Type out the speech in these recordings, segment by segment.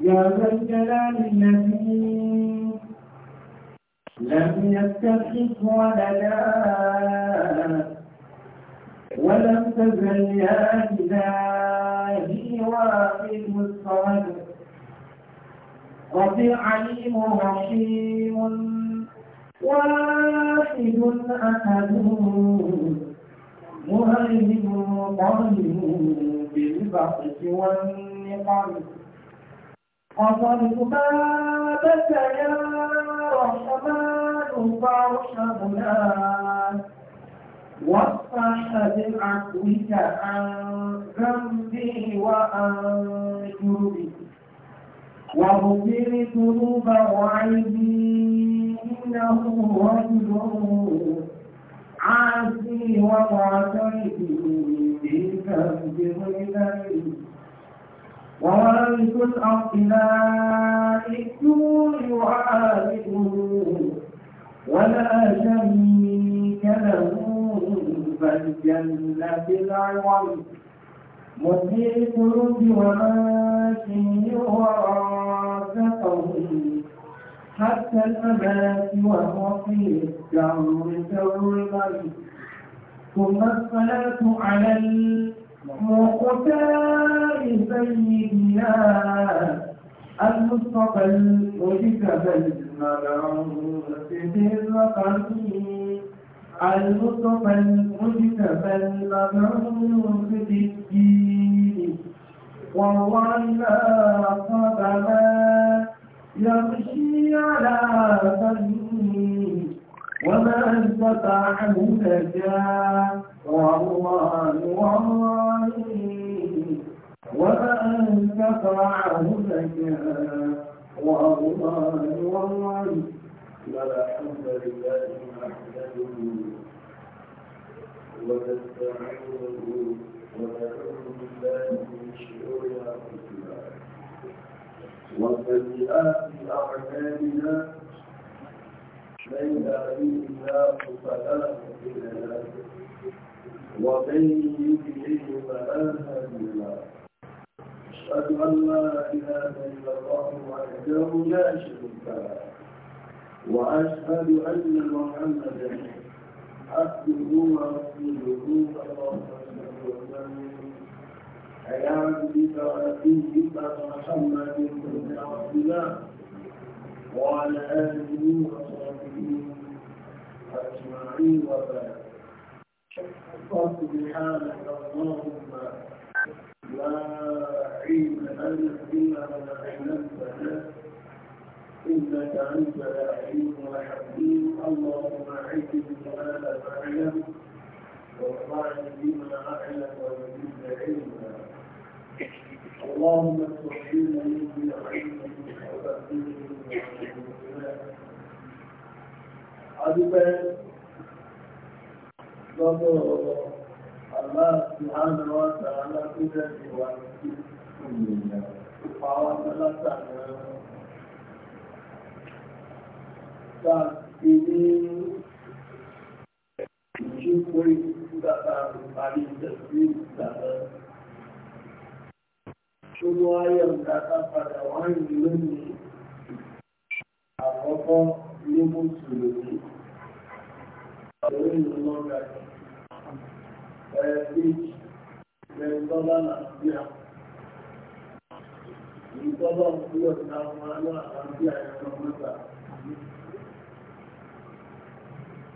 يا ذا الجلال الذي لم يتخذ ولدا ولم تزل يا إلهي واقف الصمد رب عليم رحيم واحد أحد مهيمن طيب بالبحث والنقم وظلما بك يا رحمن فارحمنا واصفح بعفوك عن ذنبي وعن جرمي واغفر ذنوب وعيبي انه رجل عاسي ومعترف بذنب غير ووارث الأرض لا يكون يعاقبه ولا شريك له فالجنة العوض مدير القلوب وماشي ورازقه حتى الممات وهو في الدهر سرا ثم الصلاة على المقتدى الجهاد المصطفى المجتبى المبعوث بالرقم المصطفى المجتبى المبعوث بالدين وهو إذا أصاب يمشي على فمه وما استطاع نجا والله والله وأن تفعه لك وأضمان والله ولا حمد لله نحمده ونستعينه ونعوذ بالله من شرور أنفسنا وسيئات أعمالنا من يهديه الله فلا مضل له ومن يضلل فلا هادي له أشهد أن لا إله إلا الله وحده لا شريك له وأشهد أن محمدا عبده ورسوله الله عليه وسلم حياة بك ونبيك محمد بن عبد الله وعلى آله وصحبه أجمعين وبارك فسبحانك اللهم لا علم لنا إلا ما علمتنا إنك أنت العليم الحكيم اللهم علمني ما لا أعلم وارفعني بما أعلم وزدنا علما اللهم استحيينا من علمك وبقيه من Allah subhanahu wa ta'ala tidak diwanti dunia. Pawan alasannya. Saat ini syukuri datang paling tersebut datang. Semua yang datang pada orang ini apa-apa ini musuh ini. Ini ẹ̀ẹ́dẹ́jì lẹ́yìntọ́lá nàìjíríà ìtọ́lá ìlú ọ̀dà ọmọ aláwọ̀ àbí àyẹ̀wò mẹ́ta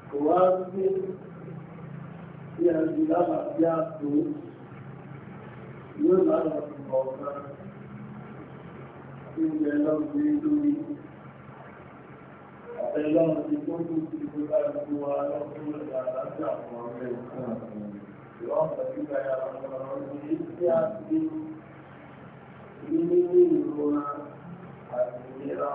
kò wá sí bí a ti lábàá bí a tó yóò lábàá ti bọ̀ ọ̀gá tí ilẹ̀ lọ́gbé lórí àtẹ̀lọ́run ti tó kú sí ìgbéga ìgbó wa lọ́gbọ́n ìgbà àlájá àwọn ọ̀rẹ́ ìkànnì برحمتك يا ارحم الراحمين يا عبدي nínú ìrora àti ìlera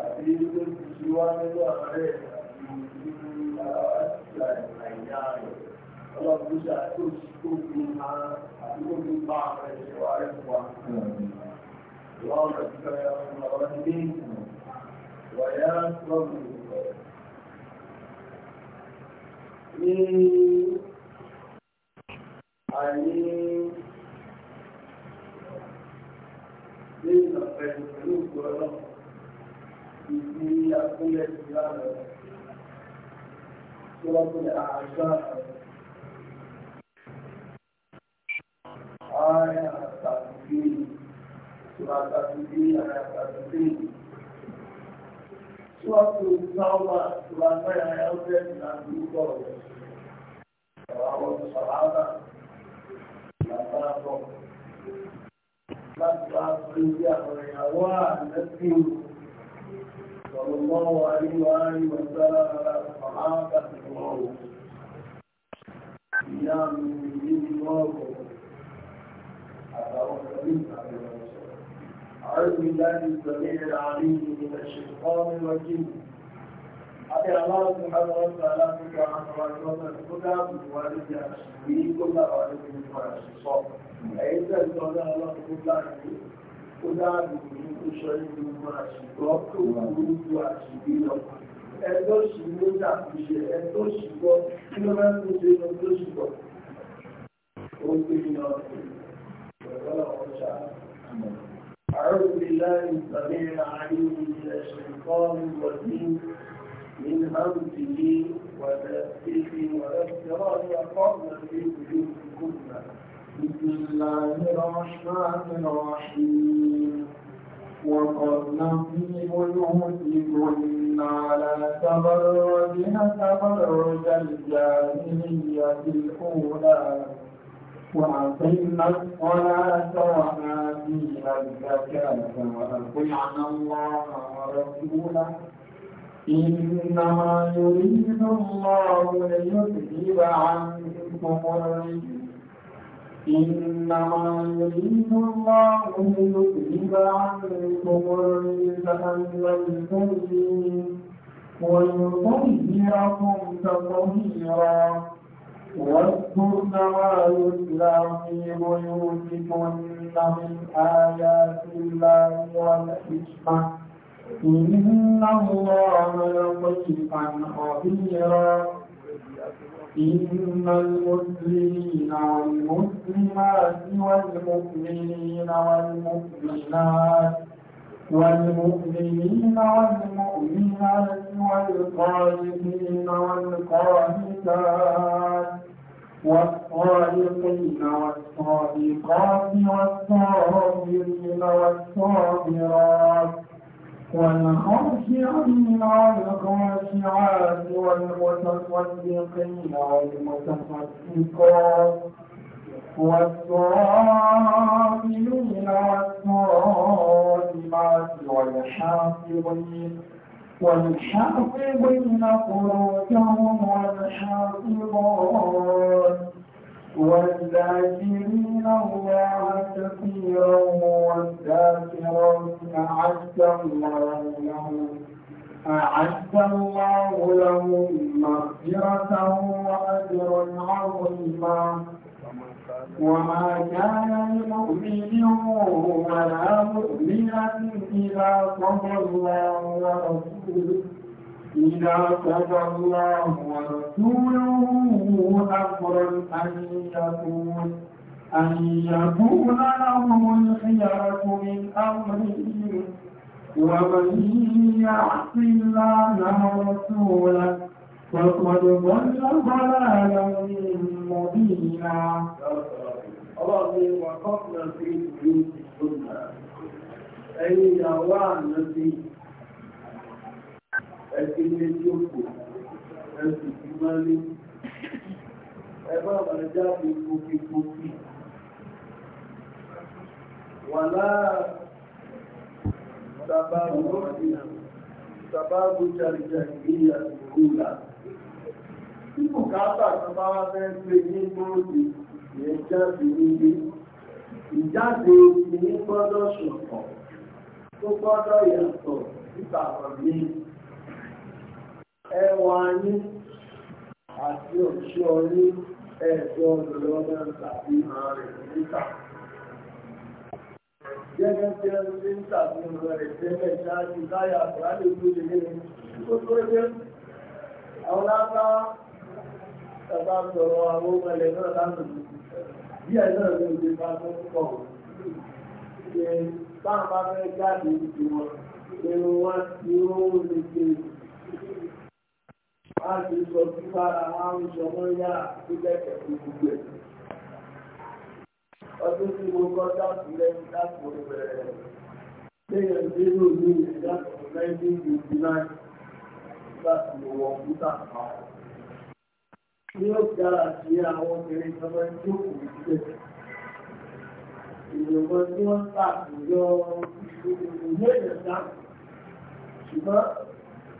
àti ilé ìṣúwá nínú ààrẹ àti nínú àti àìyá rẹ̀ ọlọ́pùsà tó ṣíkòkò ara àti gbogbo bá ààrẹ ìṣẹ́wà rẹ̀ wà wọ́n rẹ̀ ti fẹ́ ọmọ ní wọ̀nyá lọ́gbọ̀n ní Aí, desde a festa do plano, e a coletividade, pela achar, ai, a tatuí, sua tatuí, a tatuí, sua salva, sua mãe, a elfes, na tua, ela outra palavra, látàbọ̀ láti bá fún bí àwọn ìyàwó àlẹ́sìn sọ̀rọ̀mọ́wọ́ àríwárí wọ̀sára àpàápàá ti wọ́n ìyá mi nínú ọ̀rọ̀ àtàwọn ọ̀rọ̀ ìgbàlẹ̀ ọ̀sọ̀ أعوذ بالله السميع العليم من الشيطان الرجيم الله سبحانه وتعالى بك عن رجل الهدى بوالد أشهري كل غالب من فرشصة أيضا قال الله كل عشرين كل عشرين أشهري من فرشصة كل عشرين ẹjọ́ ṣìgbó ṣàkóso ẹjọ́ ṣìgbó kí ló máa ń tó ṣe ẹjọ́ ṣìgbó ó gbé ní ọdún ìgbàgbọ́lá ọjà أعوذ بالله السميع العليم من الشيطان الرجيم من همزه ونفسه ونفسه يقرن في الكتب بسم الله الرحمن الرحيم وقرن في بيوتكن على تبرجها تبرج الجاهلية الأولى وأقمنا الصلاة وآتينا الزكاة وأطعنا الله ورسوله إنما يريد الله ليذهب عنكم الرجل إنما يريد الله ليذهب عنكم الرجل أهل البيت ويطهركم تطهيرا واذكرن ما يتلى في بيوتكن من آيات الله والحكمة إن الله لطيفا خبيرا إن المسلمين والمسلمات والمؤمنين والمؤمنات والمؤمنين والمؤمنات والقانتين والقانتات والصادقين والصادقات والصابرين والصابرات والخاشعين والخاشعات والمتصدقين والمتصدقات والصائمين والصائمات والحافظين والحافظين فروجهم والحافظات والذاكرين الله كثيرا والذاكرات أعد الله لهم أعد الله لهم مغفرة وأجرا عظيما وما كان لمؤمن ولا مؤمنة إذا قضى الله ورسوله إذا قضى الله ورسوله أمرا أن يكون أن يكون لهم الخيرة من أمرهم ومن يعص الله ورسوله فقد ضل ضلالا مبينا. الله وقفنا في بيوت السنة أي أوان نبي ẹgbẹ́ ilé tí ó kò ẹgbẹ́ tí máa lé ẹgbẹ́ àbájá fi kókíkókí wà láà sàbáàbù lọ́sìnà sàbáàbù jàrìjà ìgbéyà ìgbóòlà tí kò káàbà sábà wá fẹ́ gbé ní gbóòdì ìyẹn jáde nílé ìjáde ìní gbọ́dọ̀ ṣọ̀tọ̀ tó gbọ́dọ̀ yàtọ̀ nípa ẹwà ní àti ọ̀ṣọ́ ní ẹ̀ẹ́dọ́ lọ́dọ̀ tàbí ààrẹ níta. Gẹ́gẹ́ bí ẹni tí ń tàbí ọ̀rọ̀ rẹ̀ tẹ́lẹ̀ ṣáájú láyà àgbáyé tó lè ní tó tó jẹ́. Àwọn lábá ẹ̀bá sọ̀rọ̀ àwọn ọmọ ilẹ̀ náà lánàá. Bí ẹ̀ náà ló lè bá tó pọ̀. Ṣé wọ́n ti sọ sí bára wọn ń sọ wọ́n yá tó lẹ́kẹ̀ẹ́ tó gbogbo ẹ̀. ọdún tí mo kọ́ dáàbò lẹ́yìn dáàbò bẹ̀rẹ̀ lẹ́yìn zero ní ìdáàbò nineteen fifty nine láti lò wọ́n kúta kan. ní ó dára sí àwọn obìnrin tó máa ń jókòó sílẹ̀. ìròyìn tí wọ́n tà yọ ìṣòro ìlú ẹ̀dá ṣùgbọ́n.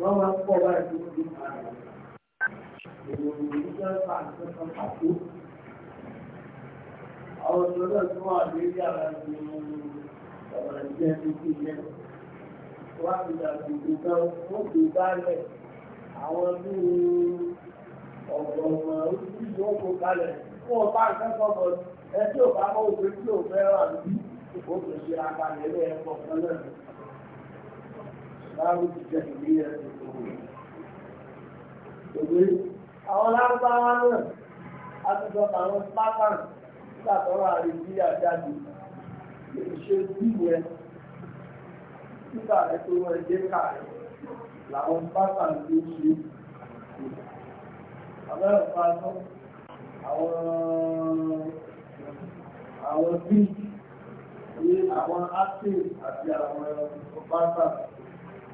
wọ́n máa ń pọ̀ báyìí tó ti máa rẹ̀. Ìròyìn yìí jẹ́ fà nǹkan pàtó. Àwọn ìṣòro tí wọ́n àdé yàrá ni ọ̀rọ̀ ìjẹ́ ti ti yẹ. Wọ́n á fi dàbí ìgbà wọ́n gbé bálẹ̀. Àwọn bí ọ̀gbọ̀nmọ̀ ojú yóò kó kalẹ̀. Fún ọba akẹ́kọ̀ọ́ bọ̀ ẹ tí ò bá mọ òfin tí ò fẹ́ wà níbi ṣe akalẹ̀ ilé ẹ̀kọ́ kan náà láàrú ti jẹ ìlú yẹn ti tó wù. Òwe àwọn lárúbáwá náà a ti sọ àwọn pápán nígbà tó wà rí bí àjáde lè ṣe bí yẹn nígbà tó wọ́n dé káàkiri làwọn pápán ló ṣe. Àbẹ́rẹ̀ pa tán àwọn àwọn bíi ní àwọn ápè àti àwọn ọ̀pá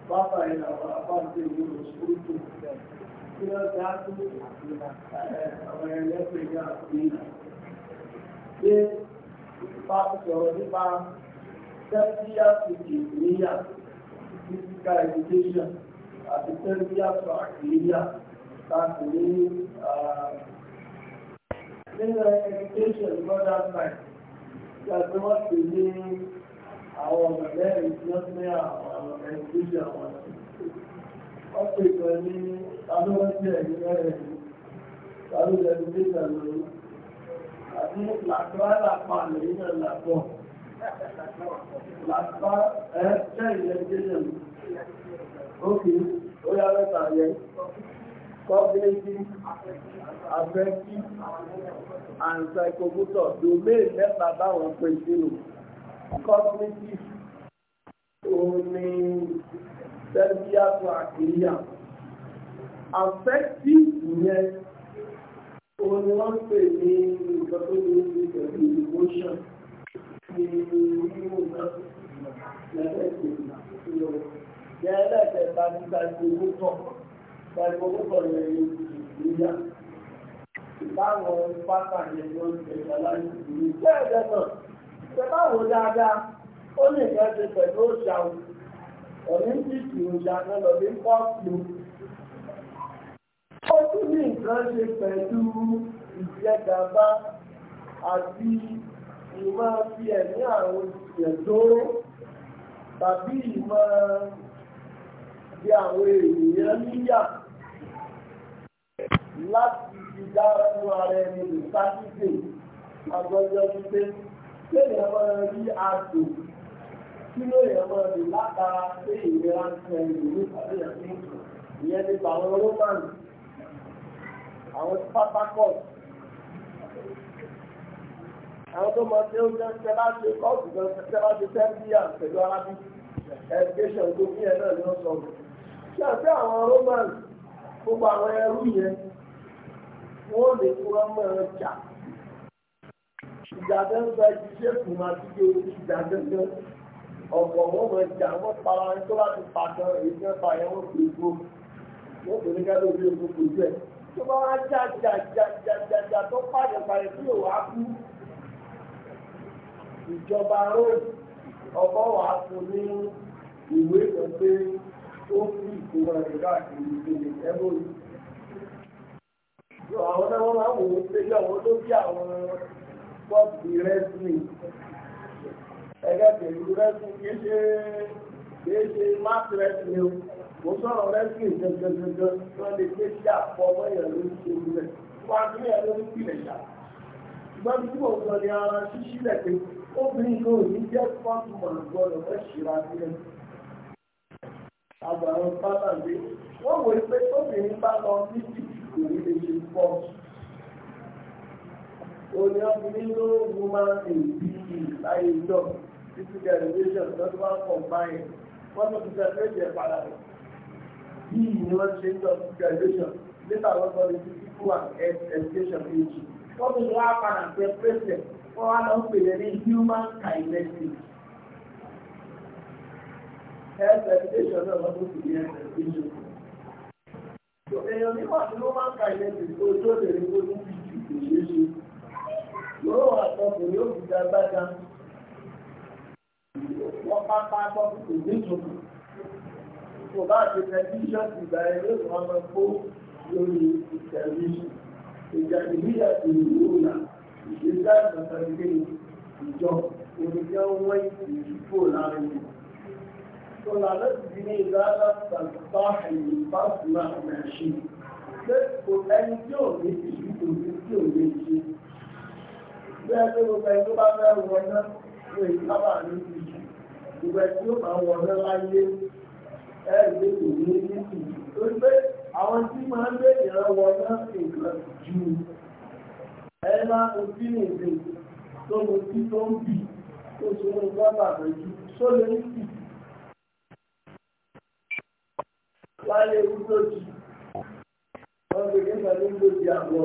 bàbá ẹ̀rọ àbá ń gbé ìwé òṣèlú tó kí wọ́n dá tó àwọn ẹlẹ́gbẹ̀ẹ́ ní àfihàn. Ṣé bá sọ̀rọ̀ nípa Serbia to Nigeria uh, physical education àti Serbia to Nigeria láti ní nínú education modern time. Ṣé àti wọ́n ti ní àwọn ọ̀gbẹ̀rẹ̀ ìdíọ́sẹ́ àwọn na wọn wọ́n and psychomotor domain cognitive òun ni sẹ́bíà tó àkìlíyà affective yẹn òun ni wọ́n pè ní nǹkan tó ní ní pẹ̀lú emotion ní irú náà lẹ́lẹ́kẹ̀ẹ́ ìlú yẹn lẹ́kẹ̀ẹ́ta ní gbàgbọ́gbọ́ gbàgbọ́gbọ́ yẹn ní ìgbéyà ìbáwọn pátá yẹn ló ń tẹ̀lé aláìsí bẹ́ẹ̀ bẹ́ẹ̀ náà tẹ̀lé dáadáa ó lè fẹ́ ṣe pẹ̀lú òṣà ọ̀lẹ́ńtíìkì òṣà kan lọ́dẹ pọ́ọ̀pù. ó tún ní nǹkan ṣe pẹ̀lú ìjẹgàba àti ìmọ̀ fi ẹ̀mí àwọn òṣìṣẹ́ tóró tàbí ìmọ̀ bí àwọn ènìyàn níyà láti fi dá fún ara ẹni lè sáfífè agbọ́jọ́ wípé kéèyàn máa rí àdùn kí àwọn rómánì àwọn pátákọ̀ àwọn tó mọ tí ó jẹ́ tẹ́lá ṣe kọ́ọ̀tù gan tẹ́lá ṣe tẹ́lá pẹ̀lú arábí ẹ̀dùkéṣàn tó bí ẹ̀ náà ni wọ́n sọ ṣe àti àwọn rómánì gbogbo àwọn ẹrú yẹn wọ́n lè fún ọmọ ẹ̀ jà ìjà gẹ́gẹ́ ìṣèkùn àti ìjà ọ̀pọ̀ wọn mọ̀ ẹja wọn para ẹni tó bá ti pa gan èyí tí wọ́n pa yẹn wọ́n fi gbó wọ́n tó ní kẹ́lẹ́ òbí ogun kò jẹ́ tó bá wá já já já já já já tó pàdé pàdé tí ò wá kú ìjọba rome ọkọ̀ wà fún ní ìwé kan pé ó fi ìkóra rẹ̀ káàkiri ìpele ẹ̀bùrù àwọn náà wọ́n máa ń wò ó pé àwọn ló bí àwọn bọ́ọ̀bù rẹ́sìlì ẹ̀ẹ́dẹ́gbẹ̀ ìlú rẹ́sì kìí ṣe kìí ṣe máàpù rẹ́sì ni o mo sọ̀rọ̀ rẹ́sì gẹ́gẹ́gẹ́gẹ́ tó lè gbé sí àpò ọmọ èèyàn ló ń ṣe rẹ̀ wọ́n á tún yẹn ló ń pilẹ̀ ṣá. ṣùgbọ́n bí mo sọ ni ara ṣíṣí rẹ̀ pé obìnrin kan ò ní jẹ́ pọ́ǹpù mọ̀lùgbọ́dọ̀ fẹ́ ṣìra sílẹ̀. àgbàrá pátá gbé wọ́n wòó pé obìnrin bá lọ sí kò ní ṣe pọ́ǹpù òní ọkùnrin ló mú máa ń èyí láyé ìjọba títí derivation lọ́dún wá combine one tó ti separate yẹn padà rẹ̀ yìí ni wọ́n ṣe ń lọ sí derivation nígbà wọ́n sọ ní títí fún wa education page wọ́n tó ti wá padà pé pèsè wọ́n wá lọ ń pè human kinetics health education náà wọ́n to be ní health education. èèyàn nígbà tí human kinetics tó tó lè rí ojú bíi ìgbésẹ̀ yóò wà sọ pé yóò fi dá gbága wọ́n bá bá bọ́ kò ní ìtumù. Kò bá ti tẹlifíṣọ̀n ìgbà ẹ̀rọ ọmọ kó lórí ìtẹ̀lé ìjà ìbílẹ̀ ìlú òòlà ìgbésẹ̀ ìgbàgbé ìjọ oníjẹ́ wọ́n ìdìbò láàrin wọn. Tọ́lá ti di ní ìdáná tàbíkọ́ ẹ̀yìn fásitì àmàṣe. Ṣé kò ẹni tí ò ní ìdìbò tí ò lè ṣe? Bí ẹgbẹ́ gbogbo ẹni tó bá fẹ́ wọ náà ní èyí sábà ní ìjì ìwẹ̀ tí ó máa wọ̀ ní láyé ẹ̀ẹ́dẹ́ kò ní ní ìjì tó pé àwọn tí máa ń lé ìran wọ náà nǹkan ju ẹ máa ń fi nìgbè tó mo tí tó ń bì tó ṣe ń sábà lójú tó lè ń bì láyé ojú lójì wọ́n fi kí n sọ ní lójì àgọ́.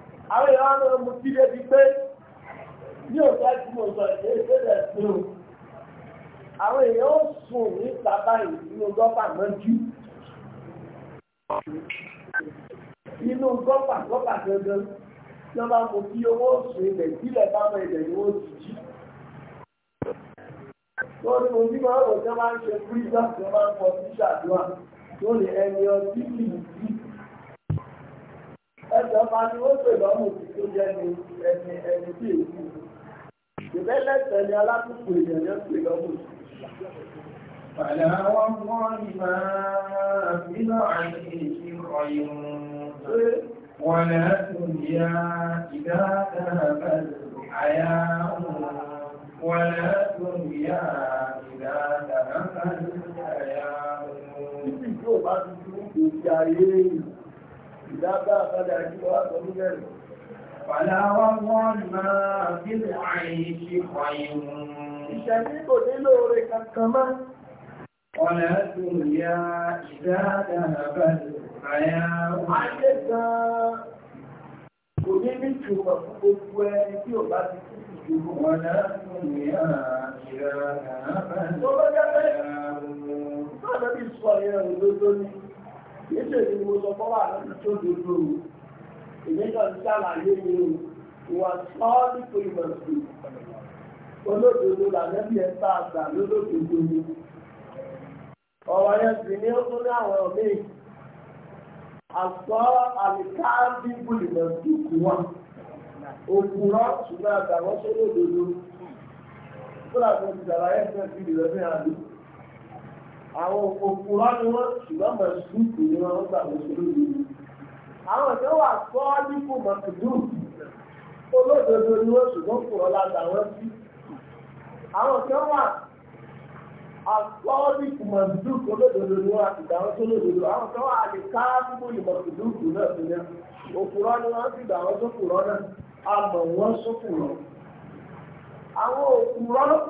àwọn èèyàn náà mú sí débi pé ní òṣà tí mo sọ ìṣe ìṣẹ̀lẹ̀ sí o àwọn èèyàn ó sùn ní bàbá ìlú gọ́fà mọ́jú inú gọ́fà gọ́fà gangan tí wọ́n bá mú kí owó sùn ilẹ̀ ìbílẹ̀ bá mọ ilẹ̀ ni wọ́n ti jí lórí ojú máa ń wò tí wọ́n máa ń ṣe fúrígbà tí wọ́n máa ń pọ̀ sí ṣàdúrà lórí ẹni ọtí kìí ẹjọ́ máa ní ó pè lọ́mù tí tó jẹ́ ní ẹni ẹni tí èyí ìbẹ́ lẹ́sẹ̀ ni alákùnkù èèyàn yóò pè lọ́mù Fàlà wọn wọ́n ní máa bínú àìsí ìrọ̀yìn wọn lẹ́kùn yá ìdáadáa àyà wọn lẹ́kùn yá ìdáadáa àyà wọn. Títí tí ó bá ti dúró kò sí ayé ìlú ìdábà padà jí wá sọ ní bẹ̀rẹ̀. Fàlà wá wọ́n máa bí àyè ṣe pààyè wọn. Ìṣẹ̀lẹ̀ kò nílò rẹ̀ kankan mọ́. Ọ̀nà tó yá ìdáàdà bàbá àyà wọn. kò ní ní ìtumọ̀ fún gbogbo ẹni tí ò bá ti kú ìṣòro. Ọ̀nà tó yá ìdáàdà bàbá àyà wọn. Tó tó àdébí sọ ẹ̀rọ lójó ni. Yéṣù èyí ni mo sọ fọ́ wà lọ́dún tó dodo o. Ìgbésọ̀ ti ṣàlàyé mi o. Ìwà sọ́ọ́dí pèlúmọ̀sì. Olódodo làlẹ́bí ẹ̀ bá àgbà lólódodo ni. Ọ̀rọ̀ yẹn sì ni ó tún ní àwọn míì. Àsọ àlìkáàbí pèlúmọ̀sì kù wà. Òkúrọ̀ ṣùgbọ́n àgbà wọ́n ṣe lódodo. Kúlà tó ti ṣàlàyé fún ẹ̀fíìlì lọ́dún àdúgbò. àwọn òkúrọ́ ni wọ́n ṣùgbọ́n mọ̀ ṣùkú ni wọ́n gbà àwọn ìṣẹ́ wà sọ ọ́ nípò olódodo ni wọ́n ṣùgbọ́n wọ́n sí. àwọn ìṣẹ́ wà àsọ nípò mọ̀tòdù olódodo ni wọ́n àtìgbà wọn tó lódodo àwọn ìṣẹ́ wà nípò náà gbà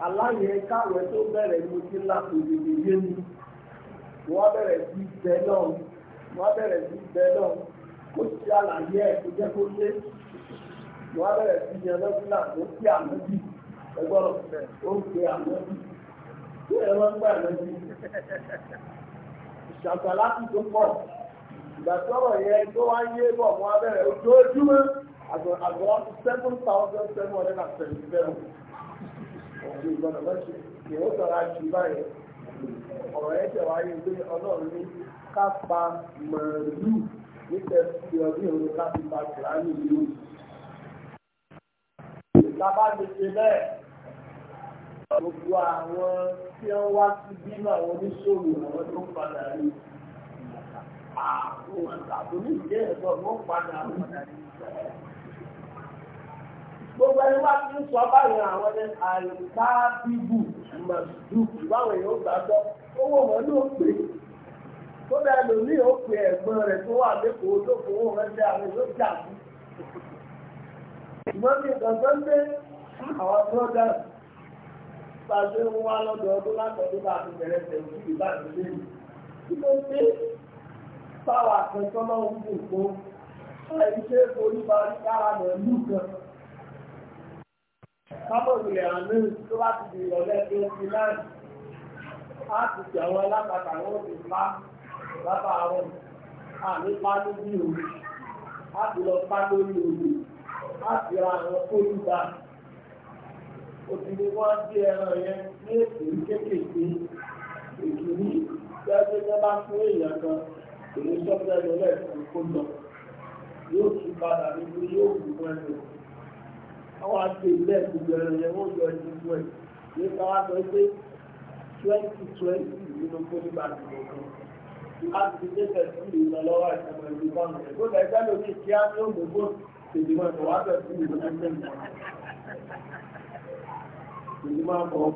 aláyẹ káwẹ tó bẹ̀rẹ̀ mo ti láti lèlè yé mi wọ́n bẹ̀rẹ̀ sí bẹ náà wọ́n bẹ̀rẹ̀ sí bẹ náà kó ti àlàyé ẹ̀ kó jẹ́ kó lé wọ́n bẹ̀rẹ̀ sí yẹn lọ́sílà tó ti àmọ́bí ẹgbọ́n ó ń pe àmọ́bí tó ẹ̀rọ ń gbà lọ́sí ìṣàtọ̀ láti tó pọ̀ ìgbà sọ̀rọ̀ yẹn tó wá yé bọ̀ wọ́n bẹ̀rẹ̀ ojoojúmọ́ àgbọ̀n seven thousand seven hundred and seventy seven àti ìgbọ́dọ̀ lọ́sì ìwọ́n sọ̀rọ̀ àti báyìí ọ̀rọ̀ yẹn tẹ̀ wáyé pé ọlọ́run ní ká pa màálù nípa ti ọdún ìrún ká fi pa kìláàmì ìlú. Bàbá mi ṣe bẹ́ẹ̀. Gbogbo àwọn tí wọ́n wá sí bímọ àwọn oníṣòwò àwọn tó padà rí. Àwọn àtàkùn ní ìdí ẹ̀sọ́ wọ́n padà rí. gbogbo ẹni wá ti ń sọ báyìí àwọn ẹni àìká bíbù màdùkù báwọn èèyàn gbàgbọ́ owó wọn ló pè tó bẹ́ẹ̀ lò ní òpè ẹ̀gbọ́n rẹ̀ tó wà lẹ́kọ̀ọ́ tó fowó rẹ̀ jẹ́ àwọn èèyàn jà sí. ṣùgbọ́n ń àwọn pàṣẹ ń wá látọ̀dún bá ti kábòrìlẹ̀ àánú tó bá di ìrọ̀lẹ́ tó ti náà á ti tẹ̀ àwọn alápàtà wọn ti pa bàbá àwọn àmì pa lórí òru á ti lọ pa lórí òru á ti ra àwọn kólúba òtún wọn dé ẹran yẹn ní ètò kéékèèké ìkíní tẹ́lẹ̀ tẹ́lẹ̀ bá fún èèyàn kan èyí sọ́kẹ́ lọ́lẹ̀ kó lọ yóò tún padà níbi yóò wù wọn àwọn àti ilé gbogbo ẹran yẹn wọ́n yọ ẹni fún ẹ̀ nípa wá sọ pé twenty twenty nínú poli bàtì lọ́kàn láti dé pẹ̀lú ìrànlọ́wọ́ ìṣẹ̀mọ̀ ìlú báwọn ẹ̀ gbọ́dọ̀ ẹgbẹ́ lómi kí á ní òmùgbò tèmi máa bọ̀ wá pẹ̀lú ìlú ẹgbẹ́ mi. tèmi máa bọ̀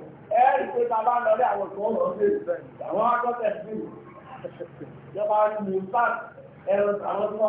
ẹ́ rí pé ta bá lọ rí àwọn tó ń lọ sí ìfẹ́ àwọn akọ́tẹ̀ sí ìjọba ẹ̀rọ àwọn tó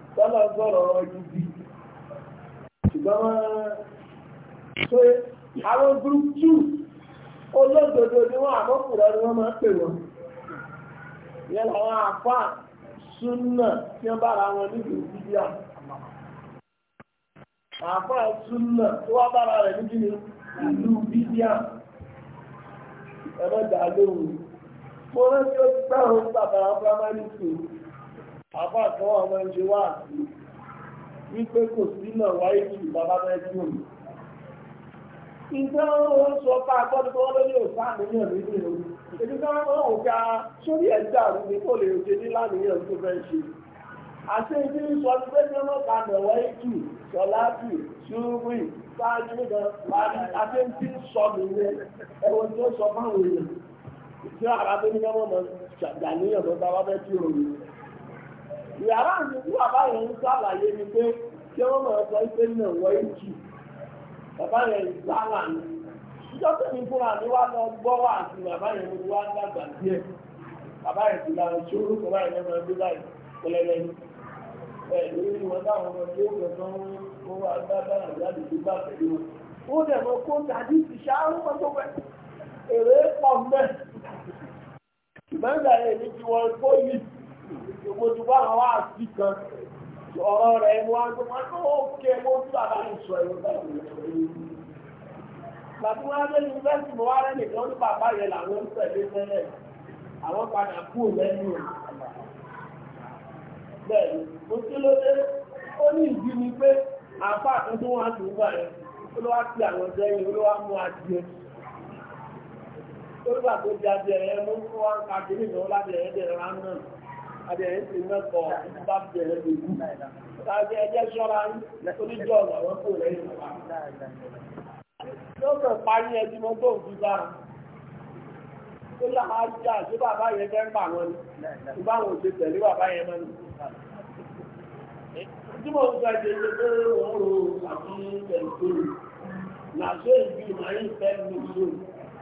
tọ́lá sọ̀rọ̀ ibi ṣùgbọ́n pé àwọn group two olódodo ni wọ́n àmọ́kùnrin ni wọ́n máa ń pè wọ́n yẹn làwọn àfa súnà tí wọ́n bára wọn níbi ìdíyà àfa súnà tó wá bára rẹ̀ níbi ìlú bídíà ẹ̀rọ ìdálóhùn mo rántí ó ti gbáhùn bàbá primary àbá kan wà máa ń ṣe wá àti wípé kò sí náà wáyé kí bàbá bẹ́ẹ̀ tí ò ní. Ìgbà ó sọ bá a gbọ́dọ̀ tó lórí òsá àníyàn nínú ìlú. Èmi ká wọ́n ò ga sórí ẹ̀dá àrùn ní kò lè ṣe ní láníyàn tó fẹ́ ṣe. Àṣé ibi sọ ní pé kí wọ́n ka nàwọ́ ètù, sọ̀láàtì, ṣúrùmí, sáájú nìkan, láti àti ń tí sọ nìyẹn. Ẹ̀wọ̀n tí ó sọ fáwọn èèyàn. Ìṣẹ́ àràbẹ́ ní ká wọ́n yàrá mi tí bàbá yẹn ń sàlàyé ni pé ṣé wọ́n máa sọ pé nà wọ́ ìjì bàbá yẹn ń sàlà ni ìjọ tó ní fúnra mi wá lọ gbọ́ wà sí bàbá yẹn mo wá dàgbà díẹ̀ bàbá yẹn ti làwọn ṣòro bàbá yẹn lọ́mọ ẹgbẹ́ báyìí pẹlẹlẹ ní ẹ lórí ni wọn táwọn ọmọ tó gbẹ tán ó wà dáadáa ìyáàdì tó bá pẹ̀lú wọn ó dẹ̀ kó tàbí ti ṣáárú mọ́ tó pẹ́ èrè pọ̀ mẹ́ ìgbẹ́ńdà yẹn ní ti wọ́n kó yìí ìgbòjú bá àwọn àti kan ọ̀rọ̀ rẹ̀ wọ́n tó máa tó kẹ́ mọ́ sí bàbá ní sọ ẹ̀rọ bàbá wọn lé yunifásitì mọ́ wárẹ́ nìkan ní bàbá rẹ̀ làwọn ń tẹ̀lé tẹ́lẹ̀ àwọn padà kú lẹ́nu rẹ̀ bẹ́ẹ̀ mo kí ló dé ó ní ìdí ni pé àpá kan tó wà tó wà rẹ̀ olówó wọn kàdé nìkan lábẹ́ ẹ̀ẹ́dẹ̀ẹ̀rẹ̀ rán náà àti ẹ̀yìn ti mẹ́kọ̀ọ́ bá bẹ̀rẹ̀ lójú. Láti ẹjẹ́ ṣọ́ra oníjọ́ ọ̀nà àwọn kò lẹ́yìn wà. Yóò kàn parí ẹjú mọ́ tó ń fi bá a. Ó yà máa jà sí bàbá yẹn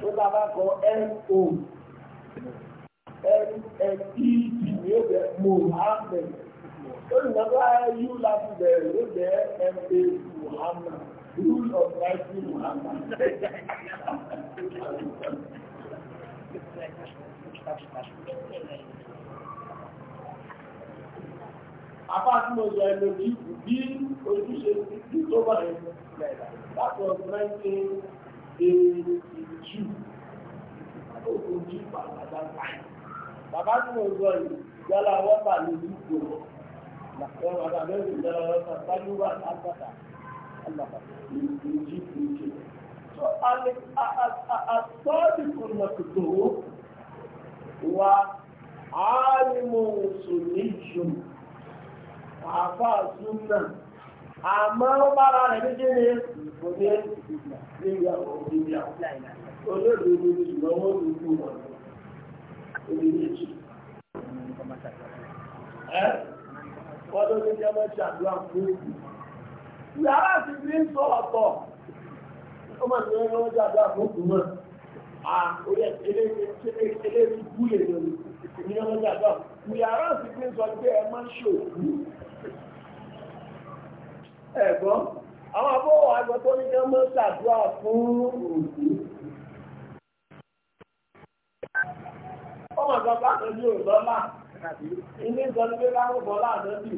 tó bá bá kọ e mo mfed ní ó jẹ mohammed olùdókòwò ayélu láti bẹ̀rẹ̀ ó jẹ ma muhammad rule of life muhammad. apáàtí mo sọ ẹnu bí ojúṣe tó bá yẹn láti ọdún 19 èjì òjì pàtàkì bàbá tí mo sọ yìí yálà wọ́pà ní ìgbò làkọ́ bàbá mẹ́rin ìjọba wọ́pà sáájú wà lápàtà alápàtà èjì èjì. so àtọ́jú kùnà kùtò wa àálùmọ̀ sùn ní ìṣòro àáfàá sùn náà àmọ́ ó bára rẹ̀ ní kí ni kò ní nígbà òdìbíà olóòdù ní ìgbà owó tó kú wọn òdì ní èjì. ẹ wọ́n ló ní jẹ́ mọ́tì àdúrà fún òkú. yàrá ti fi ń sọ ọ̀tọ̀ ó mà ní ẹgbẹ́ mọ́tì àdúrà fún òkú náà. a orí ẹ̀ eléyìí bú lè lórí ní ọmọdé àdúrà. yàrá ti fi ń sọ pé ẹ máa ń ṣòkú. ẹ̀gbọ́n àwọn abọ́wọ̀ àgbọ̀ tó ní kí wọ́n máa fún òsì. ọmọ ìgbà bá ní ilé ìjọba pé káwọn bọ́lá àdọ́sì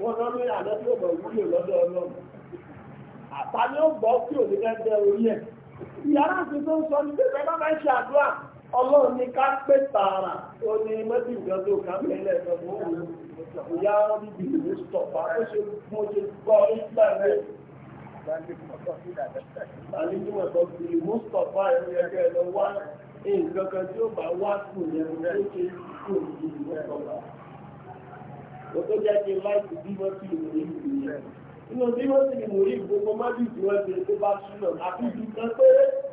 wọ́n ní àdọ́sì ò bọ̀ lọ́dọ̀ ọlọ́run. àtàlẹ́ kí ọlọ́run ní ká pé tààrà ó ní mẹ́bí ìgbọ́n tó ká mẹ́lẹ̀ ẹ̀fọ́ ìyá bíbí ìlú stọ̀pá ó ṣe mo ṣe gbọ́ nígbà rẹ̀ àlejò ẹ̀kọ́ sí ìlú stọ̀pá ẹ̀rọ ẹgbẹ́ lọ wá nǹkan kan tí ó bá wá kù lẹ́nu tó ṣe kù ní ìlú stọ̀pá. Mo tó jẹ́ kí láìpẹ́ bí wọ́n fi ìwé ìlú yẹn inú bí wọ́n ti mú rí gbogbo mọ́bí ìdíwọ́n ti tó bá súnà àbí ìdí kan pé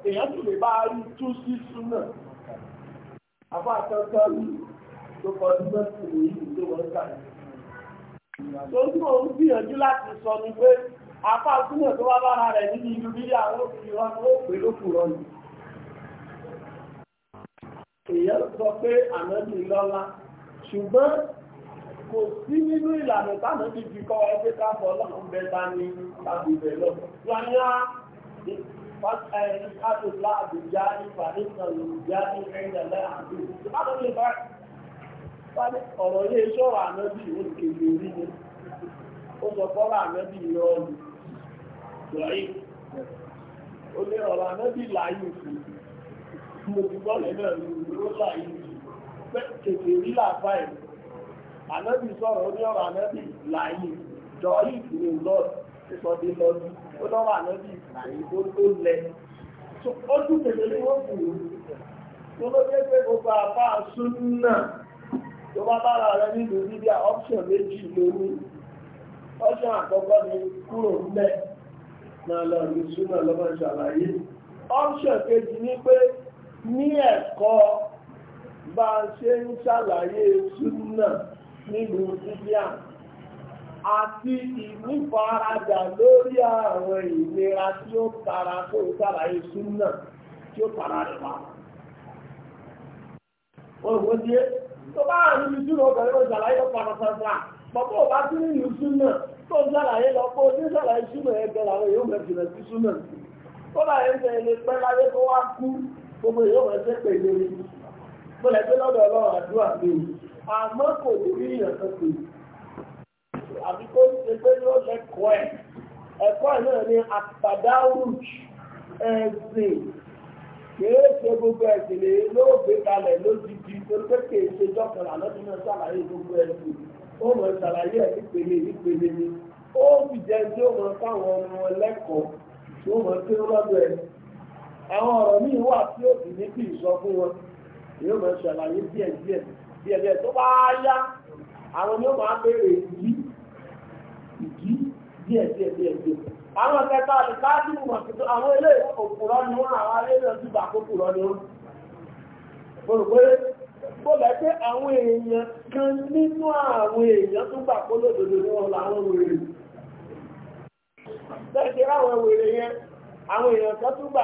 èèyàn sì lè bá rí tú sí súnà àbá àtọ́jọ́ tó kọ ní mọ́tò yìí tó wọ́n kà ní. tó ń tó ń gbìyànjú láti sọ ni pé àbá àtúnyẹ̀ tó bá bára rẹ̀ nínú ìlú bí àwọn òfin wọn ó pè lókù rọrùn. èèyàn sọ pé ànábì lọ́lá ṣùgbọ́n kò sí nínú ìlànà táwọn ti fi kọ́ ẹgbẹ́ káfọ́ ọlọ́run bẹ́ẹ̀ bá tàbí bẹ́ẹ̀ lọ. فاسأل الله بالجاني فإن الجاني عند الله عزيز سبحان الله بارك wọ́n ní ọ̀rọ̀ ilé ṣọ́rọ̀ ànábì ó kèlè orí ni ó sọ fọ́rọ̀ ànábì yọ ni lọ́yì ó ní ọ̀rọ̀ ànábì láyé fún mo ti gbọ́ lẹ́nà ní ó láyé pé kèlè orí làbá ẹ̀ ànábì ó ní ọ̀rọ̀ ànábì láyé dọ́yì fún mi ó sọ dé lọ́dún àlàyé tó tó lẹ ó tún tẹ̀lé ní wọ́n kù tó ló jẹ́ pé gbogbo àbá súnà tó bá bára rẹ nílùú bíbí option méjì lórí option àkọ́kọ́ ni kúrò ńlẹ̀ máa lọ ní súnà lọ́mọ ìṣàlàyé option kejì ni pé ní ẹ̀kọ́ bá ṣe ń ṣàlàyé súnà nílùú bíbí àná àti ìmúfaradà lórí àwọn ìlera tí ó tara kó sàlàyé súnà tí ó tara rẹ̀ wá. Olùkọ́ ti yé, tó bá àrùn mi dúró bẹ̀rẹ̀ ó sàlàyé ọ̀pára sàṣà, bọ̀bọ̀ bá tún ní ìlú súnà tó sàlàyé lọ pé ojú sàlàyé súnà ẹgbẹ́ làwọn yóò mẹ́ jìnà sí súnà. Ó bá yẹn tẹ̀ lè pẹ́ láyé tó wá kú, gbogbo yóò mẹ́ sẹ́ pè lórí. Mo lẹ̀ pé lọ́dọ̀ ọlọ́run àdúrà mi, àmọ́ kò ní rí ìyàn kan pè àbí kó ṣe pé yóò lẹ́kọ̀ọ́ ẹ̀ ẹ̀kọ́ náà ni àtàdáwùj ẹ̀sìn kìí ṣe gbogbo ẹ̀sìn lè lóò gbé kalẹ̀ lójijì torí pé kìí ṣe dọ́kọ̀lá lọ́dún náà ṣàlàyé gbogbo ẹ̀sìn ó mọ̀ ṣàlàyé ẹ̀ nípele nípele ni ó fi jẹ́ tí ó mọ̀ káwọn ọmọ wọn lẹ́kọ̀ọ́ tí ó mọ̀ tí ó lọ́dọ̀ ẹ̀ àwọn ọ̀rọ̀ míì wà tí ó sì ní kí ìsọ fún wọn yóò mọ̀ ṣàlàyé díẹ̀ díẹ̀ tó bá yá àwọn yóò máa béèrè yìí díẹ̀ díẹ̀ díẹ̀ díẹ̀. Àwọn kẹta àlùkáàdì mọ̀ sí àwọn ilé òpùrọ̀ ni wọ́n àwọn alẹ́ náà ti bà pùrọ̀ ni wọ́n. Mo bó bẹ̀ pé àwọn èèyàn kan nínú àwọn èèyàn tó gbà kó lòdòdò wèrè. Bẹ́ẹ̀ wèrè yẹn, àwọn èèyàn kan tó gbà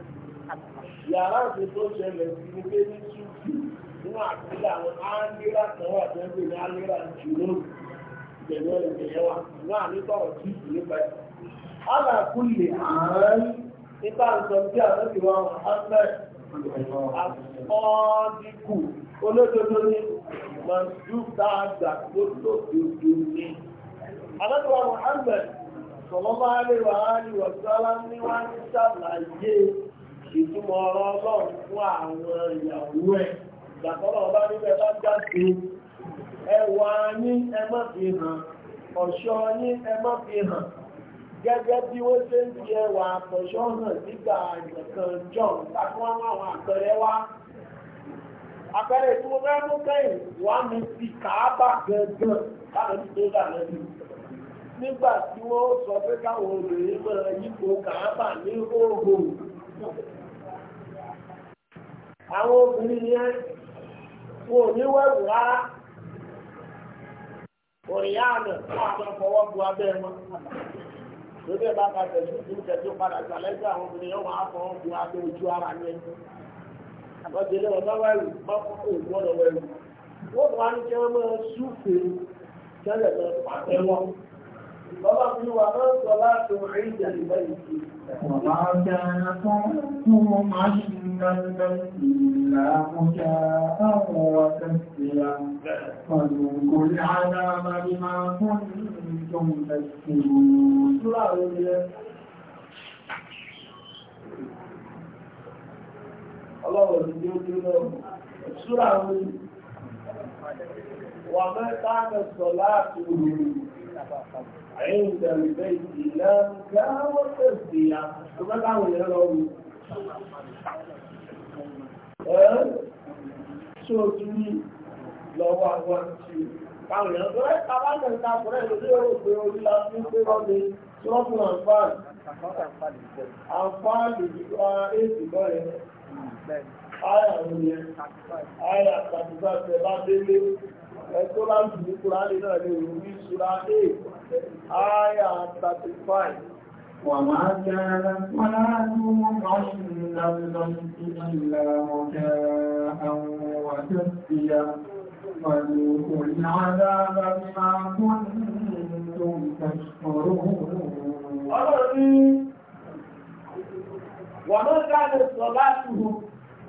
yàrá òfin tó ṣẹlẹ̀ sí ní pé ní túbú nínú àpẹẹrẹ àwọn áńgíra kan wà tó ń pè ní áńgíra jùlọ ìgbẹ̀lẹ́ ìgbẹ̀yẹ wa nínú àníkọ̀ ọ̀tí nípa ẹ̀. alákùnlé àárín nípa nǹkan tí àwọn ìwà Muhammad àpọ́ọ́dínkù olódodo ní mọ̀júkà àgbà tó lòdòdò ní. Àlọ́dọ̀wà Muhammad sọ̀lọ́bàá lè wà á ní wọ̀sálá ní wá ń ṣàlàyé ìtumọ̀ ọ̀rọ̀ ọlọ́run fún àwọn ìyàwó ẹ̀ ìgbàkọ́lọ̀ ọba nílẹ̀ bá jáde ẹwà ní ẹmọ́ hàn ọ̀ṣọ́ ní ẹmọ́ hàn gẹ́gẹ́ bí ó ṣe ń fi ẹwà àtọ̀ṣọ́ hàn nígbà john àwọn àpẹẹrẹ wa àpẹẹrẹ fẹ́ mú kẹ́yìn wà mí kàábà láti tó dà lẹ́nu nígbà tí sọ pé káwọn àwọn obìnrin yẹn wọn ò ní wẹ̀wù rárá òrìyá àmì fún àwọn ọ̀fọwọ́ bu abẹ́ wọn lórí ẹ̀ bá ka tẹ̀sí ìlú tẹ̀sí padà sàlẹ̀ sí àwọn obìnrin yẹn wọn á fọwọ́ bu abẹ́ ojú ara ní ẹni àbọ̀délé wọn bá wẹ̀wù bá kọ́ òògùn ọ̀dọ̀ wẹ̀wù wọ́n wá ní kí wọ́n máa súfèé tẹ́lẹ̀ lọ pàtẹ́wọ́. Bàbá Ọlọ́run ni ó dé lọ. Súra ló yẹ. Wà mẹ́ta mẹ́sọ̀ láti rí. عند البيت لا مكان والتسبيح ثم العون يا رب sóòtúrí lọ́wọ́ àwọn àti àwọn èèyàn tó rẹ̀ tàbá jẹ́ ìta fúnrẹ́ lórí ọ̀rọ̀ pé orí la fi ń pé rọ́lé tí wọ́n fún àǹfààní àǹfààní ìjọba èsì lọ́rẹ̀ àyà òun yẹn àyà ẹ̀tọ́ láti ní kúránì náà ní òní ìṣúra 8 àyà 35 wọ́n máa jẹ́rẹ̀ wọ́lá tó mọ́ṣùn lọ́dún ilẹ̀ ọjọ́ àwọn wàjọ́ sí ya pẹ̀lú òní àdára máa kún tó ń tẹ̀ṣọ̀rọ̀ ọlọ́rin wọ́n ló dáadé sọ láti hù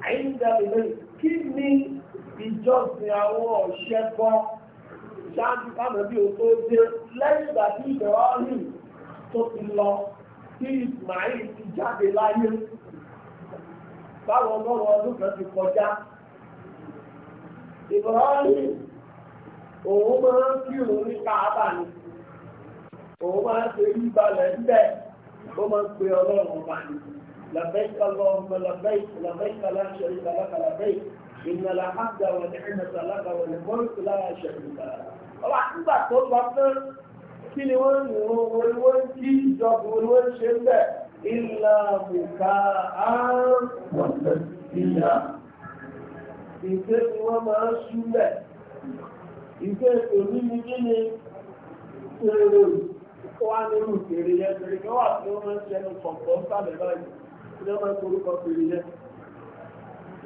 àyíjà ilé kí ni ìjọsìn àwọn ọ̀ṣẹ́ kan ṣáájú káàmù bí o tó dé lẹ́yìn ìgbà tí ìbẹ̀rọ̀lì tó ti lọ tí Ismail ti jáde láyé báwọn ọlọ́run ọdún kan ti kọjá ìbẹ̀rọ̀lì òun máa ń kírun ní káàbà ni òun máa ń ṣe ìbalẹ̀ ńbẹ̀ ó máa ń pe ọlọ́run ọba ni làbẹ́ìkà lọ́wọ́ làbẹ́ìkà láṣẹ ìgbàlákà làbẹ́ìkà. إن الحمد والنعمة لك والملك لا شريك لك ọba nígbà tó lọ tán kí ni wọ́n ń ro owó tí ìjọba owó ṣe ń bẹ̀ wọ́n máa ń súnlẹ̀ ìfẹ́ òní ni kí ni tèrè wá nínú tèrè yẹn tèrè kí wà tí wọ́n máa ń ṣẹnu kọ̀ọ̀kan báyìí tí wọ́n máa torúkọ tèrè yẹn.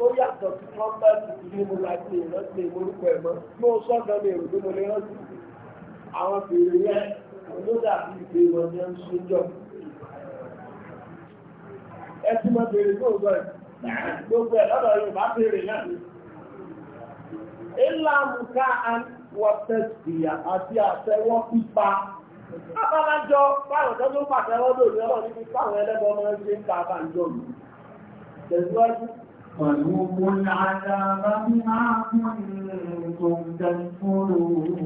ó yàtọ̀ sí kọ́ńtàtì tí mo la ti ìrántí ìmọ̀lúkọ ẹ̀ mọ́ mo sọ́dọ̀ mi èrò tí mo lè rántí àwọn fèrè yẹn ló dàbí ìgbé wọn ní ń ṣíjọ. ẹ ti mọ fèrè tó gbọ́ ẹ̀ gbogbo ẹ̀ lọ́dọ̀ Yorùbá fèrè náà. ńlá mùká wọ́tẹ́sìyà àti àtẹ́wọ́ pípa Abálájọ́ báwọn tó tó pàtẹ́wọ́ lórí ọlọ́run ní fáwọn ẹlẹ́gbọ́n máa ń ṣe ń ta àbájọ́ mi. Tẹ̀síwájú. وذوقوا العذاب بما كنتم تكفرون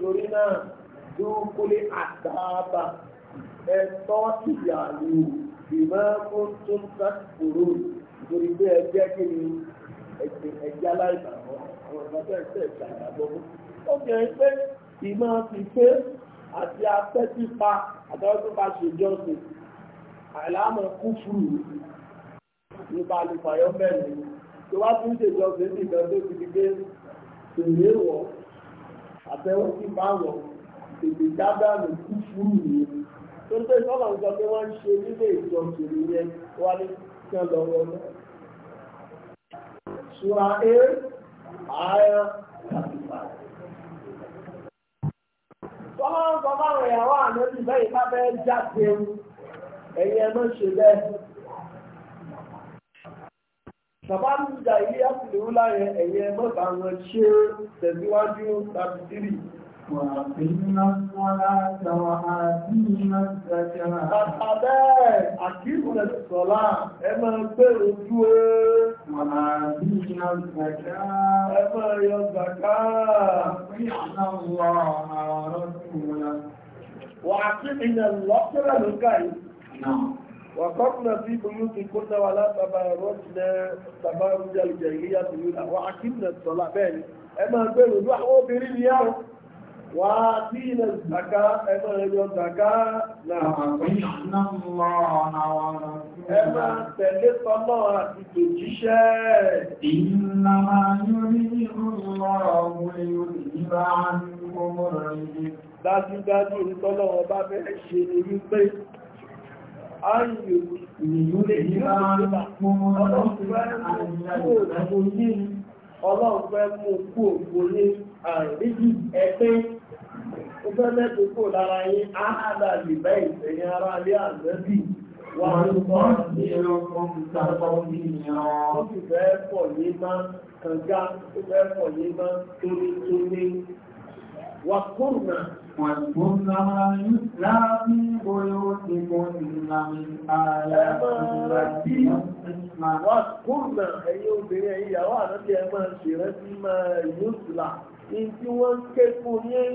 torí náà ذوقوا العذاب ẹ̀tọ́ ìyàlú bima kuntum takfurun torí pé ẹgbẹ́ kí ni ẹ̀jẹ̀ aláìbàbọ̀ àwọn ìbájẹ́ ẹ̀sẹ̀ ìṣàgbàbọ̀ ó kẹ́ pé ìmọ̀ ti àti afẹ́ pípa àtàwọn tó bá ṣèjọ́sìn àìlámọ̀ kúfùrù ní bá lè fàyọ́ mẹ́rin tó wá tún ṣèjọ fèsì kan tó ti di pé tèmi wọ̀ àtẹ̀wọ́ sí bá wọ̀ tèmi dábàánù kú fúrú mi tó ń pè sọ́nà sọ pé wọ́n ń ṣe nílé ìjọ òṣèlú yẹn wá ní kán lọ wọ náà. Sura A, Aya, Kàtìfà. Sọ́nà ń sọ fáwọn ìyàwó àná ìbẹ́yìí bá fẹ́ jáde ẹ̀yìn ẹ̀ mọ́ ṣe bẹ́ẹ̀ bàbá ń jà ilé àtìlè ńlá yẹn ẹ̀yẹ mọ́ta wọn ṣe tẹ̀síwájú tàbí dírì Bàbá àkíkù lè sọ́lá ẹ máa gbé ojú ẹ. Màmá bí iná gbàjá. Ẹ máa yọ gbàjá. Wà á kí lókà yìí. وقرنا في بيوتكن ولا تبارجنا تبارج الجاهلية الأولى وأقمنا الصلاة بين أما بين الوحو بريال وآتينا الزكاة أما هي الزكاة وأطعنا الله ورسوله أما تلت الله تتجشى إنما يريد الله ليذهب عنكم الرجس dájúdájú ìtọ́lọ́wọ́ bá fẹ́ ṣe ní Ọlọ́run fẹ́ mú kú òkú ní àríjì ẹgbẹ́ ó fẹ́ mẹ́tò kò lára yí áhàdà lìbẹ́ ìsẹ̀yìn ara lé àgbẹ́bì wà ní ọkọ̀ ní ọkọ̀ ìtàkọ̀ ní ìran. Ó sì fẹ́ pọ̀ ní má kànjá, ó fẹ́ pọ̀ ní má tónítóní. Wà kúrùnà. Wà kúrùnà máa ń láàrín wà kúrùnà ẹ̀yìn obìnrin ẹ̀yìn ìyàwó ànábì ẹ̀ máa ṣèrántí máa yóò sùlà ní tí wọ́n ń ké fún yín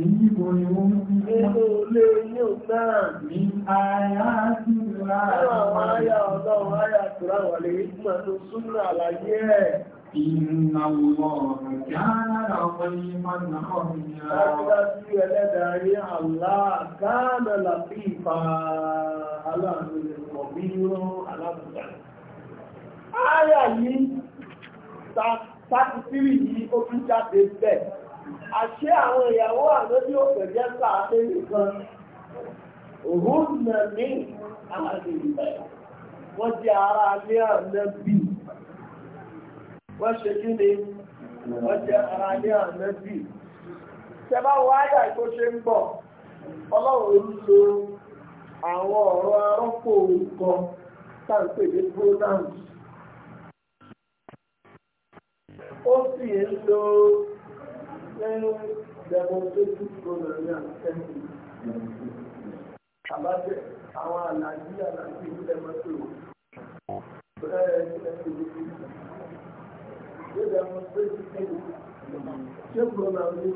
èyí bò ni wọ́n ń bí nínú ilé ilé náà ní àyà sí ìrà àwọn àyà ọlọ́run àyà tìrà wà lè kọ̀bí rán alábùdá. Ààrẹ yìí, tàbí yìí ó tún jáde bẹ́ẹ̀. Àṣé àwọn ìyàwó àlójú òpèjẹ́ sáàdé nìkan. Òhun nà ní ààrẹ ìbẹ̀. Wọ́n jẹ́ ara ní àná bí. Wọ́n ṣe kí ni? Wọ́n jẹ́ ara ní àná bí. Ṣẹ bá wọ àyà ń bọ̀. Ọlọ́run ló àwọn ọ̀rọ̀ arọ́pò orúkọ táǹpẹ̀ ní pronouns ó sì ń lo ẹnu demonstrative pronoun ní àtẹ́sí àbájẹ àwọn àlàyé àlàyé ní ẹ̀sìn demonstrative ẹ̀yìn ṣé pronoun ní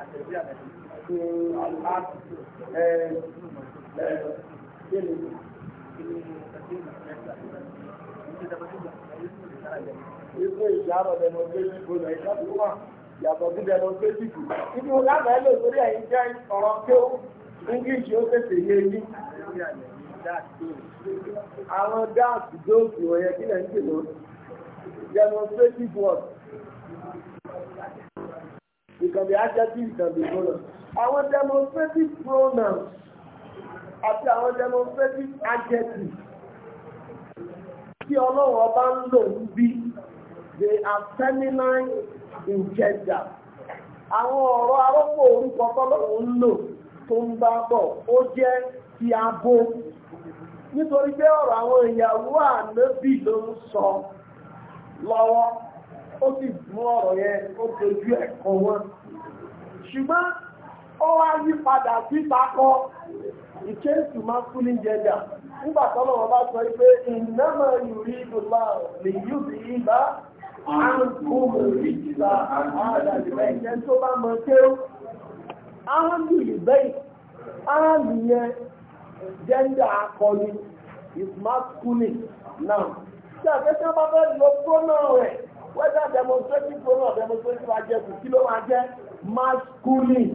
àtẹ̀sí àtẹ̀sí Ipò ìyàbọ̀ democratic gbọdọ̀ ìṣàkóso wà yàtọ̀ sí democratic. Ibi wo lábẹ́ ẹ lò sórí ẹ̀yin jẹ́ ọ̀rọ̀ kí ó English ó tètè yé yín. Àwọn dáàsì dóòsì wọ̀nyẹ kí lẹ́yìn tè lórí. Democratic word. Ìkànnì ajá sí ìkànnì gbọdọ̀. Àwọn democratic pronouns àti àwọn demonstrative adjectives tí ọlọ́run ọba ń lò ń bí they are feminine in gender àwọn ọ̀rọ̀ arọ́pò orúkọ tọ́lọ́run ń lò tó ń bá bọ̀ ó jẹ́ ti abo nítorí pé ọ̀rọ̀ àwọn ìyàwó ànábì ló ń sọ lọ́wọ́ ó sì mú ọ̀rọ̀ yẹn ó dojú ẹ̀kọ́ wọn ṣùgbọ́n ó wá yí padà síta kọ́ ìkéèsì máa kú ní jẹjà nígbà tọ́lọ̀ wọn bá sọ pé ìnámọ̀ ìrí ìdùnmá lè yú sí ìgbà bá mọ kéwú. jẹ́ndà akọni is masculine now. ṣé àfẹ́sẹ́ bá lo pronoun rẹ̀ demonstrative demonstrative kí ló máa jẹ́ masculine.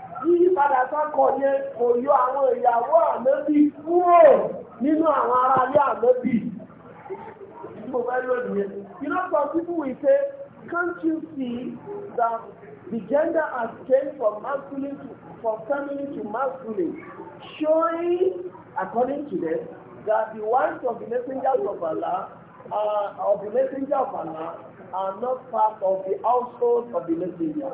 yíyípadà sákọ̀ yẹn kò yọ àwọn ìyàwó ànábì kúrò nínú àwọn ará ilé ànábì. You know, some people will say, can't you see that the gender has changed from masculine to from feminine to masculine, showing, according to them, that the wives of the messengers of Allah, uh, of the messenger of Allah, are not part of the household of the messenger.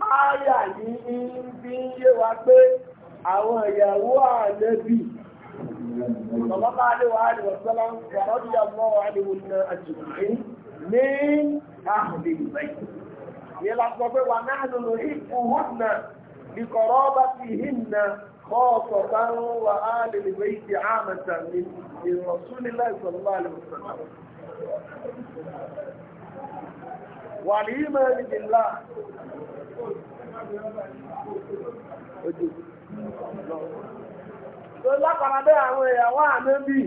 ááyà yìí ń bí yé wa pé àwọn ìyàwó àlẹ́bì bàbá bá lè wà ní ọ̀sọ́lá ń yà mọ́ wà ní ọ̀nà àjùmí ní àhùdì ìgbẹ̀yìn. na sọ pé wà náà nínú ti wà á lè ojú tó lápára bẹ́ẹ̀ àwọn ìyàwó ànábì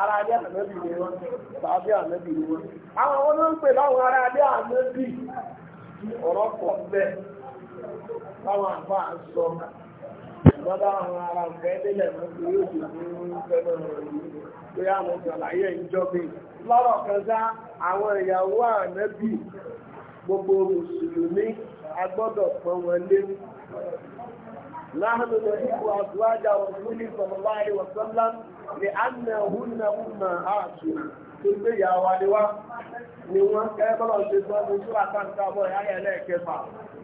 ara adé ànábì ni wọ́n tàbí ànábì ni wọ́n àwọn ọmọ ń pè láwọn ara adé ànábì ọ̀rọ̀ pọ̀ bẹ́ẹ̀ táwọn àbá à ń àwọn ọ̀fẹ́ yóò ní a gbọ́dọ̀ pọ̀ wọn lé. Láhánú lọ sí ìwà àdúrájà wọn fún ní sọ̀rọ̀lá àríwọ̀ sọ́lá ní àmì ọ̀hún náà kú mà á tù tó gbé ìyá wa ni wá ni wọ́n kẹ́ bọ́lọ̀ ṣe sọ ní sùúrà káńtà bọ̀ ìyá ẹ̀lẹ́ kẹfà.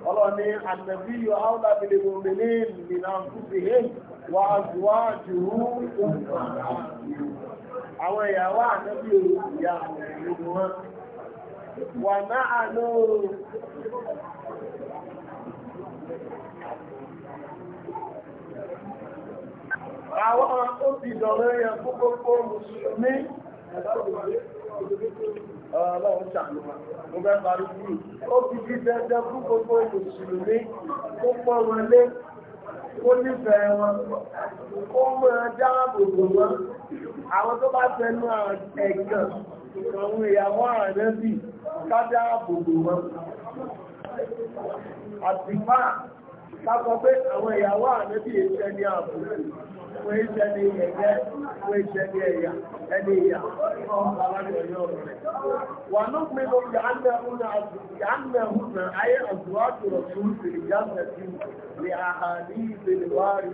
Ọlọ́ni ànàbí yọ áwùdà bìlì bòmí ní ìmìnà fúnfì hẹ́n wà á tù Àwọn ìyàwó ànàbí ìyá àwọn ومع نور àwọn òbí ìdọ̀rọ̀ yẹn fún gbogbo mùsùlùmí ọlọ́run ṣàlùmọ́ mo fẹ́ parí bí ó fi jí dandan fún gbogbo mùsùlùmí kó pọ́n wọn lé kó nífẹ̀ẹ́ wọn kó mọ̀ ọ́n dáàbò wọn àwọn tó bá fẹnu ẹ̀gàn àwọn ìyàwó àrẹ́bì ká dáàbòbò wọn àti máa kákọ pé àwọn ìyàwó àmẹ́bí ìṣẹ́ ní ààbò wọ́n ìṣẹ́ ní ẹ̀jẹ́ wọ́n ìṣẹ́ ní ẹ̀yà ẹni ìyà wà ló pín ló yànnẹ̀húnà ayé àzúwájú rọ̀tún ìrìn yànnẹ̀ sí ní àhàní ìbèlèwárí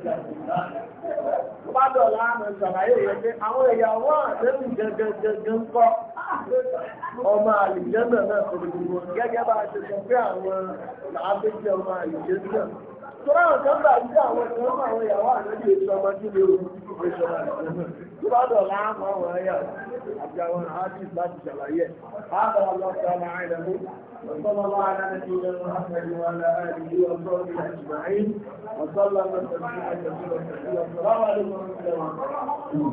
Bádọ̀ láàmù ṣàlàyé rẹ̀ pé àwọn ìyàwó àtẹ́bù gẹ́gẹ́gẹ́gẹ́ ń kọ́ ọmọ àlìjẹ́mẹ̀ náà pẹ̀lú gẹ́gẹ́ bá ṣe sọ pé àwọn làábẹ́jẹ́ ọmọ àlìjẹ́mẹ̀ náà. Tọ́lá àwọn kan bá yí àwọn ìṣòro mọ́ àwọn ìyàwó àlejò èso ọmọ tí mi ò rí èso ọmọ ìṣòro. Tí bá dọ̀ láàmú àwọn ẹ̀yà àti àwọn àádìs láti ṣàlàyé. Àbọ̀ ọlọ́ta máa ń lẹ́mú. وصلى الله على نبينا محمد وعلى اله وصحبه اجمعين وسلم تسليما كثيرا السلام عليكم ورحمه الله وبركاته